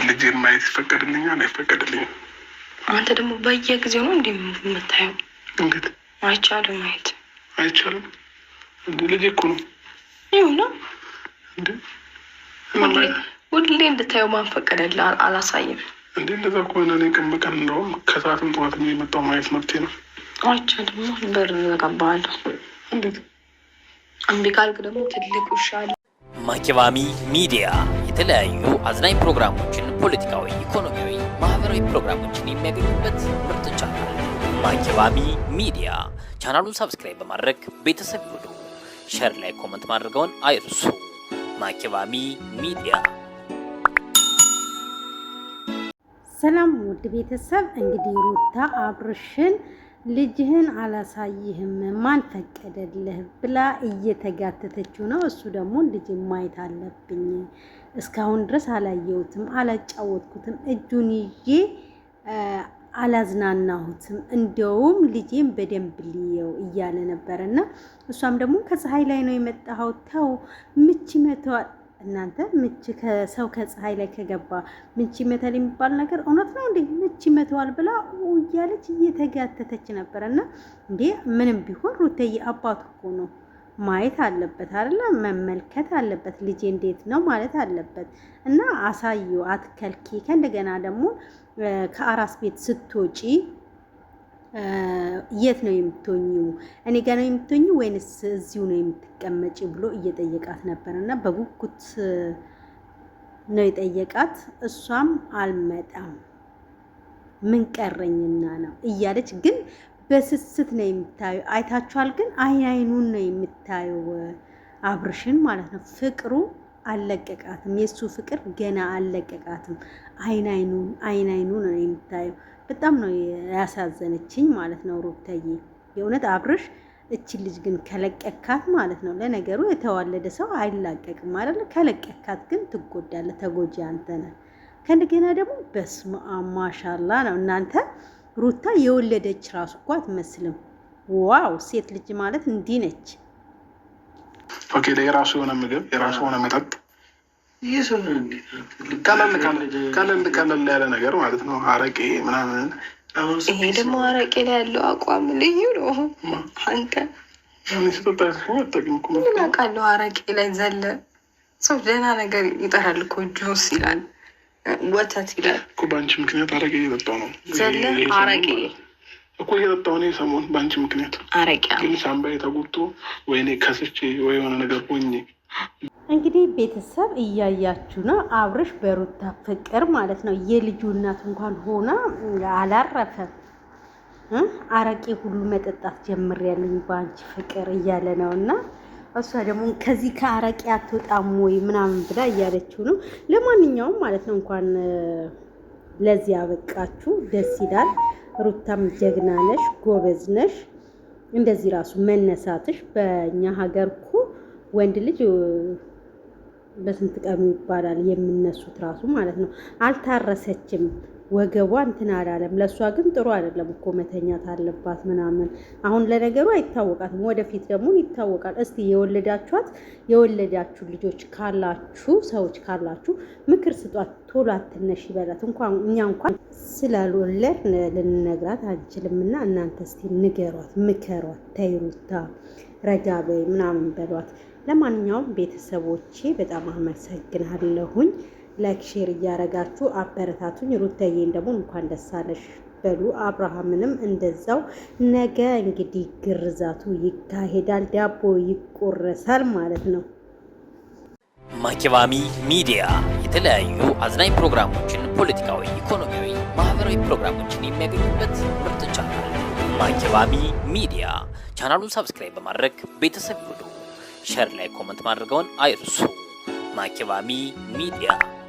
ያ ልጅ ማየት ይፈቀድልኛል አይፈቀድልኝም? አንተ ደግሞ በየጊዜው ነው እንዲ የምታየው? እንግዲህ አይቻልም፣ ማየት አይቻልም። እንደ ልጅ እኮ ነው ይሁና። ሁሌ እንድታየው ማን ፈቀደልህ? አላሳይም እንዴ? እንደዛ ከሆነ እኔ ቀን በቀን እንደውም ከሰዓትም ጠዋት የመጣው ማየት መብቴ ነው። አቻ ደግሞ በር ዘጋባለሁ። እንዴት እምቢ ካልክ ደግሞ ትልቅ ውሻ ማኪባሚ ሚዲያ የተለያዩ አዝናኝ ፕሮግራሞችን፣ ፖለቲካዊ፣ ኢኮኖሚያዊ፣ ማህበራዊ ፕሮግራሞችን የሚያገኙበት ምርጥ ቻናል ማኪባሚ ሚዲያ። ቻናሉን ሳብስክራይብ በማድረግ ቤተሰብ ይሁኑ። ሸር ላይ ኮመንት ማድረገውን አይርሱ። ማኪባሚ ሚዲያ። ሰላም ውድ ቤተሰብ እንግዲህ ሩታ አብርሽን ልጅህን አላሳይህም ማን ፈቀደልህ ብላ እየተጋተተችው ነው። እሱ ደግሞ ልጅ ማየት አለብኝ፣ እስካሁን ድረስ አላየሁትም፣ አላጫወትኩትም፣ እጁን ይዤ አላዝናናሁትም፣ እንደውም ልጄን በደንብ ልየው እያለ ነበር እና እሷም ደግሞ ከፀሐይ ላይ ነው የመጣኸው ተው ምች መተዋል እናንተ ምች ከሰው ከፀሐይ ላይ ከገባ ምች ይመታል የሚባል ነገር እውነት ነው እንዴ? ምች ይመተዋል ብላ እያለች እየተጋተተች ነበረ። እና እንዴ ምንም ቢሆን ሩተዬ አባቱ እኮ ነው ማየት አለበት አይደለ? መመልከት አለበት። ልጅ እንዴት ነው ማለት አለበት። እና አሳዩ አትከልኪ። ከእንደገና ደግሞ ከአራስ ቤት ስትወጪ የት ነው የምትኙ? እኔ ጋ ነው የምትኙ ወይንስ እዚሁ ነው የምትቀመጪ ብሎ እየጠየቃት ነበር እና በጉጉት ነው የጠየቃት። እሷም አልመጣም ምን ቀረኝና ነው እያለች ግን በስስት ነው የምታዩ። አይታችኋል ግን አይን አይኑን ነው የምታዩ አብርሽን ማለት ነው። ፍቅሩ አለቀቃትም የእሱ ፍቅር ገና አለቀቃትም አይን አይኑን አይን አይኑን ነው የምታየው። በጣም ነው ያሳዘነችኝ ማለት ነው ሩታዬ። የእውነት አብርሽ እችን ልጅ ግን ከለቀካት ማለት ነው። ለነገሩ የተዋለደ ሰው አይላቀቅም ማለት ነው። ከለቀካት ግን ትጎዳለ ተጎጂ አንተ ነህ። ከእንደገና ደግሞ በስመ አብ ማሻላ ነው እናንተ። ሩታ የወለደች ራሱ እኮ አትመስልም። ዋው ሴት ልጅ ማለት እንዲህ ነች። ኦኬ የራሱ የሆነ ምግብ የራሱ የሆነ መጠጥ ቀለል ቀለል ያለ ነገር ማለት ነው። አረቄ ምናምን። ይሄ ደግሞ አረቄ ላይ ያለው አቋም ልዩ ነው። አንተ ምን አውቃለሁ? አረቄ ላይ ዘለ ሰው ደህና ነገር ይጠራል እኮ ጁስ ይላል፣ ወተት ይላል እኮ። በአንቺ ምክንያት አረቄ እየጠጣሁ ነው። ዘለ አረቄ እኮ እየጠጣሁ እኔ ሰሞን በአንቺ ምክንያት አረቄ ግን ሳምባዬ ተጎድቶ ወይኔ ከስቼ ወይ የሆነ ነገር ሆኜ እንግዲህ ቤተሰብ እያያችሁ ነው። አብርሽ በሩታ ፍቅር ማለት ነው። የልጁ እናት እንኳን ሆና አላረፈም። አረቄ ሁሉ መጠጣት ያለኝ በአንቺ ፍቅር እያለ ነው እና እሷ ደግሞ ከዚህ ከአረቄ አትወጣም ወይ ምናምን ብላ እያለችው ነው። ለማንኛውም ማለት ነው እንኳን ለዚህ ያበቃችሁ ደስ ይላል። ሩታም ጀግና ነሽ፣ ጎበዝ ነሽ። እንደዚህ ራሱ መነሳትሽ በእኛ ሀገር እኮ ወንድ ልጅ በስንት ቀኑ ይባላል የምነሱት ራሱ ማለት ነው። አልታረሰችም፣ ወገቧ እንትን አላለም። ለእሷ ግን ጥሩ አይደለም እኮ መተኛት አለባት ምናምን። አሁን ለነገሩ አይታወቃትም፣ ወደፊት ደግሞ ይታወቃል። እስቲ የወለዳችኋት የወለዳችሁ ልጆች ካላችሁ ሰዎች ካላችሁ ምክር ስጧት። ቶሎ አትነሽ ይበላት። እንኳን እኛ እንኳን ስላልወለድ ልንነግራት አንችልምና እናንተ እስቲ ንገሯት፣ ምከሯት፣ ተይሩታ ረጋ በይ ምናምን በሏት። ለማንኛውም ቤተሰቦቼ በጣም አመሰግናለሁኝ። ላይክ ሼር እያረጋችሁ አበረታቱኝ። ሩታዬን ደግሞ እንኳን ደስ አለሽ በሉ። አብርሃምንም እንደዛው። ነገ እንግዲህ ግርዛቱ ይካሄዳል፣ ዳቦ ይቆረሳል ማለት ነው። ማኪባሚ ሚዲያ የተለያዩ አዝናኝ ፕሮግራሞችን፣ ፖለቲካዊ፣ ኢኮኖሚያዊ፣ ማህበራዊ ፕሮግራሞችን የሚያገኙበት ምርጥ ቻናል ማኪባሚ ሚዲያ። ቻናሉን ሰብስክራይብ በማድረግ ቤተሰብ ይሁኑ። ሸር ላይ ኮመንት ማድረገውን አይርሱ። ማኪባሚ ሚዲያ